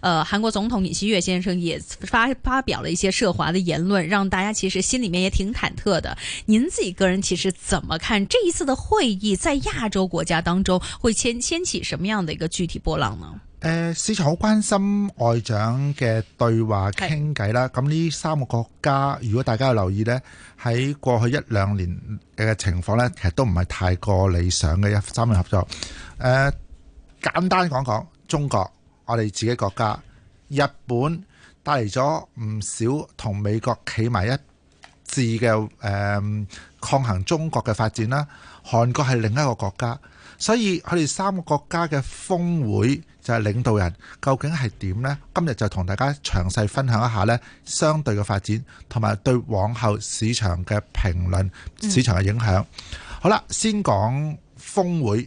呃，韓國總統尹錫悦先生也發發表了一些涉華的言論，讓大家其實心裏面也挺忐忑的。您自己個人其實怎麼看這一次的會議，在亞洲國家當中會掀起什麼樣的一個具體波浪呢？誒，市場好關心外長嘅對話傾偈啦。咁呢是三個國家，如果大家有留意呢，喺過去一兩年嘅情況呢，其實都唔係太過理想嘅一三輪合作。誒、呃，簡單講講中國。我哋自己國家，日本帶嚟咗唔少同美國企埋一致嘅誒抗衡中國嘅發展啦。韓國係另一個國家，所以佢哋三個國家嘅峰會就係領導人究竟係點呢？今日就同大家詳細分享一下呢相對嘅發展同埋對往後市場嘅評論、市場嘅影響。好啦，先講峰會。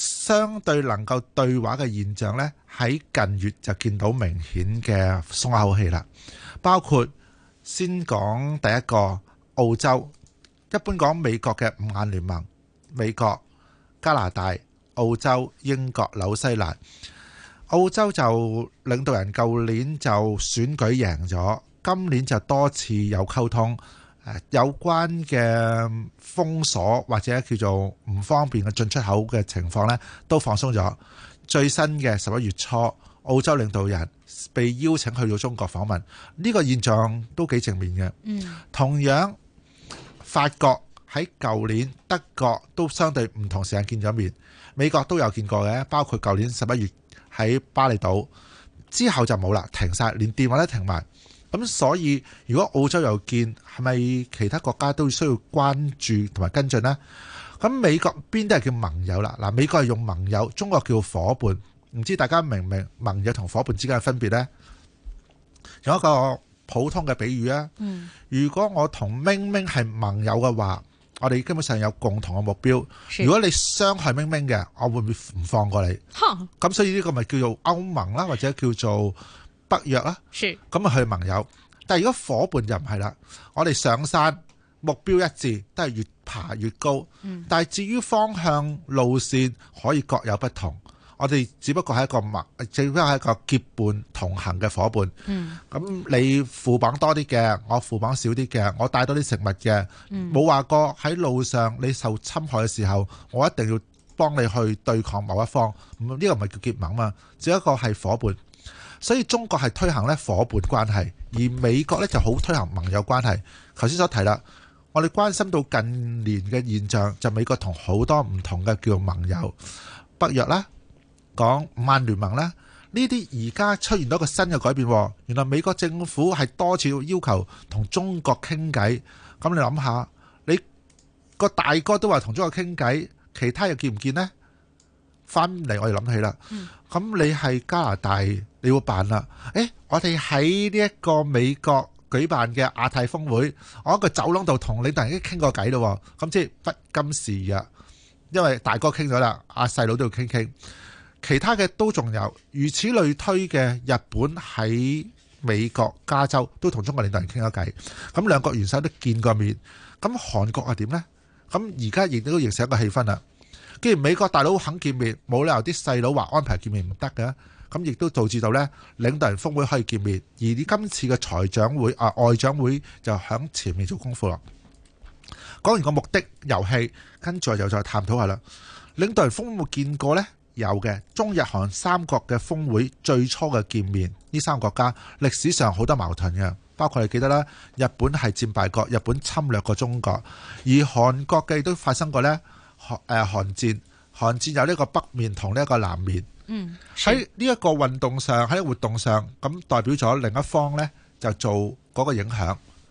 相對能夠對話嘅現象，呢喺近月就見到明顯嘅鬆口氣啦。包括先講第一個澳洲，一般講美國嘅五眼聯盟，美國、加拿大、澳洲、英國、紐西蘭。澳洲就領導人舊年就選舉贏咗，今年就多次有溝通。有關嘅封鎖或者叫做唔方便嘅進出口嘅情況呢，都放鬆咗。最新嘅十一月初，澳洲領導人被邀請去到中國訪問，呢個現象都幾正面嘅。嗯、同樣法國喺舊年、德國都相對唔同時間見咗面，美國都有見過嘅，包括舊年十一月喺巴厘島之後就冇啦，停晒，連電話都停埋。咁所以，如果澳洲又見，係咪其他國家都需要關注同埋跟進呢？咁美國邊啲係叫盟友啦？嗱，美國係用盟友，中國叫夥伴。唔知大家明唔明盟友同夥伴之間嘅分別呢？有一個普通嘅比喻啊。嗯。如果我同明明係盟友嘅話，我哋基本上有共同嘅目標。是。如果你傷害明明嘅，我會唔會唔放過你？嚇！咁所以呢個咪叫做歐盟啦，或者叫做？北約啦，咁啊去盟友。但係如果夥伴就唔係啦，我哋上山目標一致，都係越爬越高。但係至於方向路線可以各有不同，我哋只不過係一個盟，只不過係一個結伴同行嘅夥伴。咁、嗯、你負磅多啲嘅，我負磅少啲嘅，我帶多啲食物嘅，冇話過喺路上你受侵害嘅時候，我一定要幫你去對抗某一方。呢、這個唔係叫結盟嘛，只一個係夥伴。所以中國係推行咧夥伴關係，而美國咧就好推行盟友關係。頭先所提啦，我哋關心到近年嘅現象，就美國同好多唔同嘅叫盟友，北約啦，講五眼聯盟啦，呢啲而家出現咗一個新嘅改變。原來美國政府係多次要求同中國傾偈，咁你諗下，你個大哥都話同中國傾偈，其他又見唔見咧？翻嚟我哋諗起啦，咁你係加拿大？你會辦啦？誒，我哋喺呢一個美國舉辦嘅亞太峯會，我喺個走廊度同領導人已經傾過偈啦。咁即係不甘示弱，因為大哥傾咗啦，阿細佬都要傾傾。其他嘅都仲有，如此類推嘅。日本喺美國加州都同中國領導人傾咗偈，咁兩國元首都見過面。咁韓國係點呢？咁而家亦都形成一個氣氛啦。既然美國大佬肯見面，冇理由啲細佬話安排見面唔得嘅。咁亦都導致到呢領導人峰會可以見面，而今次嘅財長會啊外長會就響前面做功夫啦。講完個目的遊戲，跟住就再探討下啦。領導人峰會見過呢，有嘅中日韓三國嘅峰會最初嘅見面，呢三個國家歷史上好多矛盾嘅，包括你記得啦，日本係戰敗國，日本侵略過中國，而韓國嘅亦都發生過呢韓誒韓戰，韓戰有呢一個北面同呢一個南面。嗯，喺呢一個運動上，喺活動上，咁代表咗另一方咧，就做嗰個影響。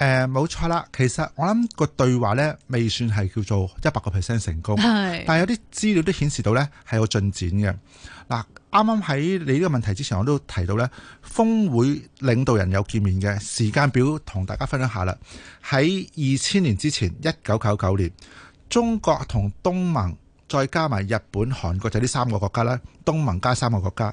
誒冇錯啦，其實我諗個對話呢未算係叫做一百個 percent 成功，是但係有啲資料都顯示到呢係有進展嘅。嗱，啱啱喺你呢個問題之前，我都提到呢，峰會領導人有見面嘅時間表，同大家分享下啦。喺二千年之前，一九九九年，中國同東盟。再加埋日本、韓國就呢三個國家啦，東盟加三個國家，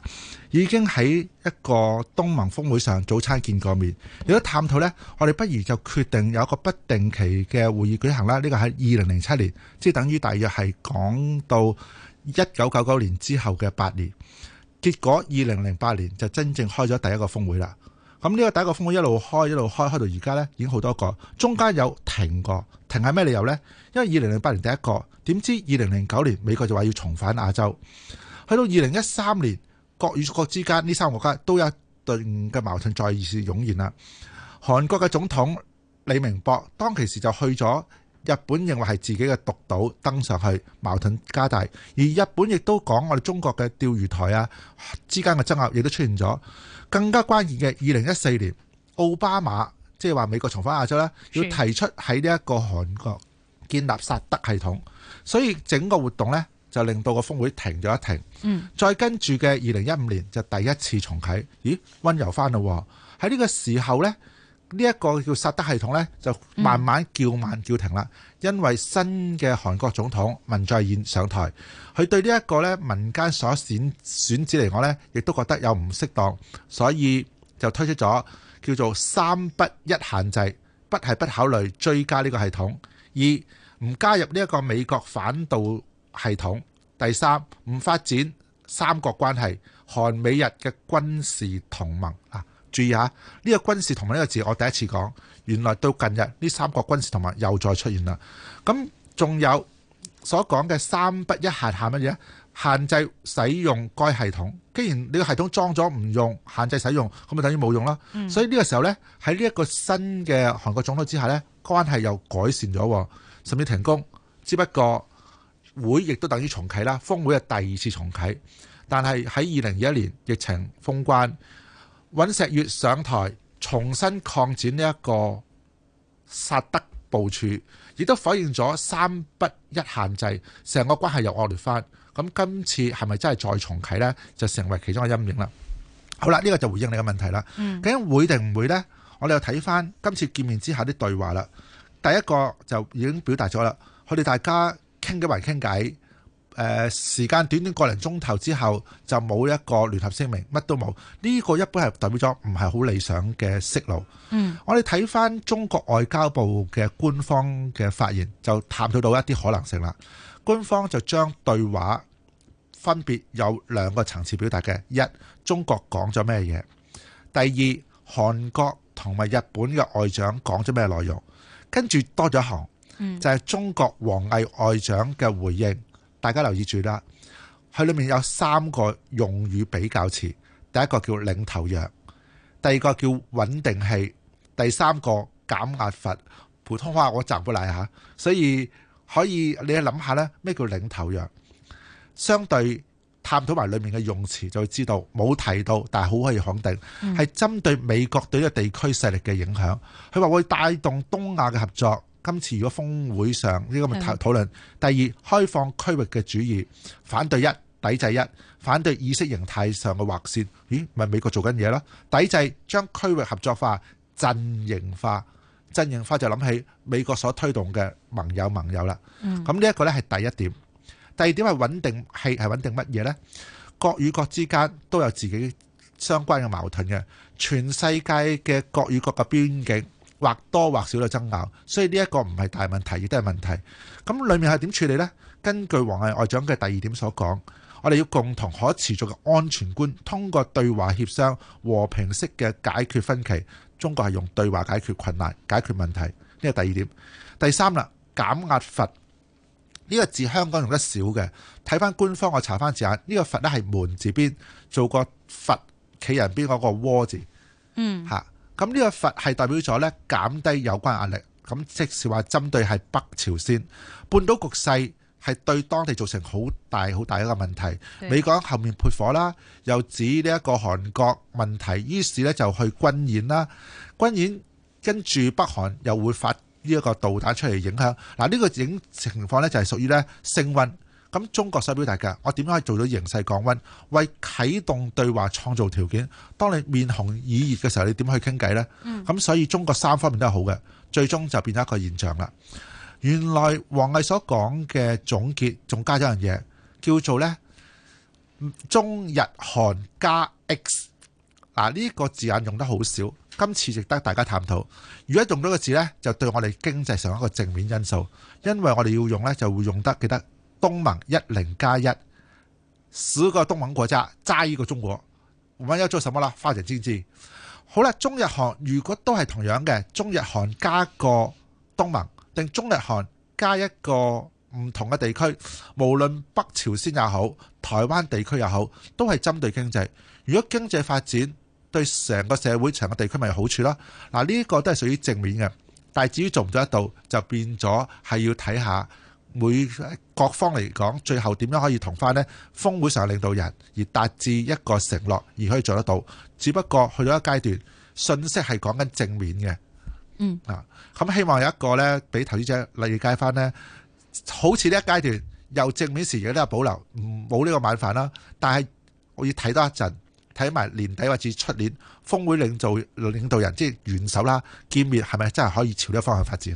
已經喺一個東盟峰會上早餐見過面，有得探討呢，我哋不如就決定有一個不定期嘅會議舉行啦。呢、這個喺二零零七年，即係等於大約係講到一九九九年之後嘅八年，結果二零零八年就真正開咗第一個峰會啦。咁呢個第一個峰會一路開一路開，開到而家呢已經好多個，中間有停過，停係咩理由呢？因為二零零八年第一個，點知二零零九年美國就話要重返亞洲，去到二零一三年，國與國之間呢三個國家都有一頓嘅矛盾再次湧現啦。韓國嘅總統李明博當其時就去咗。日本認為係自己嘅獨島登上去，矛盾加大。而日本亦都講我哋中國嘅釣魚台啊之間嘅爭拗亦都出現咗。更加關鍵嘅，二零一四年奧巴馬即係話美國重返亞洲啦，要提出喺呢一個韓國建立薩德系統，所以整個活動呢，就令到個峯會停咗一停。嗯，再跟住嘅二零一五年就第一次重啟，咦，温柔翻嘞喎。喺呢個時候呢。呢一個叫薩德系統呢，就慢慢叫慢叫停啦。嗯、因為新嘅韓國總統文在寅上台，佢對這呢一個咧民間所選選子嚟講呢，亦都覺得有唔適當，所以就推出咗叫做三不一限制：不係不考慮追加呢個系統；二唔加入呢一個美國反導系統；第三唔發展三角關係，韓美日嘅軍事同盟啊。注意吓！呢個軍事同盟呢個字，我第一次講，原來到近日呢三個軍事同盟又再出現啦。咁仲有所講嘅三不一限係乜嘢？限制使用該系統。既然你個系統裝咗唔用，限制使用，咁咪等於冇用啦。嗯、所以呢個時候呢，喺呢一個新嘅韓國總統之下呢，關係又改善咗，甚至停工。只不過會亦都等於重啟啦，峰會係第二次重啟。但係喺二零二一年疫情封關。尹錫悅上台重新擴展呢一個薩德部署，亦都否認咗三不一限制，成個關係又惡劣翻。咁今次係咪真係再重啟呢？就成為其中嘅陰影啦。嗯、好啦，呢、這個就回應你嘅問題啦。究竟會定唔會呢？我哋又睇翻今次見面之後啲對話啦。第一個就已經表達咗啦，佢哋大家傾緊圍傾偈。誒時間短短個零鐘頭之後就冇一個聯合聲明，乜都冇。呢、這個一般係代表咗唔係好理想嘅息路。嗯、我哋睇翻中國外交部嘅官方嘅發言，就探討到一啲可能性啦。官方就將對話分別有兩個層次表達嘅，一，中國講咗咩嘢，第二，韓國同埋日本嘅外長講咗咩內容，跟住多咗行就係、是、中國王毅外長嘅回應。大家留意住啦，佢裏面有三個用語比較詞，第一個叫領頭羊，第二個叫穩定器，第三個減壓閥。普通話我習不嚟嚇，所以可以你去諗下呢，咩叫領頭羊？相對探討埋裡面嘅用詞，就會知道冇提到，但係好可以肯定係針對美國對呢個地區勢力嘅影響。佢話會帶動東亞嘅合作。今次如果峰會上呢個咪討討論，第二，開放區域嘅主義，反對一抵制一，反對意識形態上嘅劃線，咦，咪美國做緊嘢啦？抵制將區域合作化、陣營化，陣營化就諗起美國所推動嘅盟友盟友啦。咁呢一個呢係第一點，第二點係穩定係係穩定乜嘢呢？國與國之間都有自己相關嘅矛盾嘅，全世界嘅國與國嘅邊境。或多或少嘅爭拗，所以呢一個唔係大問題，亦都係問題。咁裏面係點處理呢？根據王毅外長嘅第二點所講，我哋要共同可持續嘅安全觀，通過對話協商和平式嘅解決分歧。中國係用對話解決困難、解決問題，呢個第二點。第三啦，減壓閥呢、這個字香港用得少嘅，睇返官方我查返字眼，呢、這個閥咧係門字邊做個佛企人邊嗰個戈字，嗯嚇。咁呢個法係代表咗咧減低有關壓力，咁即是話針對係北朝鮮，半島局勢係對當地造成好大好大一個問題。美國後面潑火啦，又指呢一個韓國問題，於是咧就去軍演啦，軍演跟住北韓又會發呢一個導彈出嚟影響。嗱呢個影情況咧就係屬於咧升温。咁中國所表達嘅，我點樣可以做到形勢降温，為啟動對話創造條件？當你面紅耳熱嘅時候，你點去傾偈呢？咁所以中國三方面都係好嘅，最終就變咗一個現象啦。原來王毅所講嘅總結，仲加咗一樣嘢，叫做呢中日韓加 X。嗱呢個字眼用得好少，今次值得大家探討。如果用到個字呢，就對我哋經濟上一個正面因素，因為我哋要用呢，就會用得記得。東盟一零加一，1, 十個東盟國家揸依個中國，咁樣要做什麼啦？發展經濟，好啦，中日韓如果都係同樣嘅，中日韓加個東盟，定中日韓加一個唔同嘅地區，無論北朝鮮也好，台灣地區也好，都係針對經濟。如果經濟發展對成個社會、成個地區咪有好處啦？嗱、啊，呢、這個都係屬於正面嘅，但係至於做唔做得到，就變咗係要睇下。每各方嚟講，最後點樣可以同翻呢？峰會上領導人而達至一個承諾，而可以做得到。只不過去到一個階段，信息係講緊正面嘅，嗯啊，咁希望有一個呢，俾投資者理解翻呢。好似呢一階段由正面時亦都有保留，唔冇呢個晚飯啦。但係我要睇多一陣，睇埋年底或者出年，峰會領導領導人即係元首啦，見面係咪真係可以朝呢個方向發展？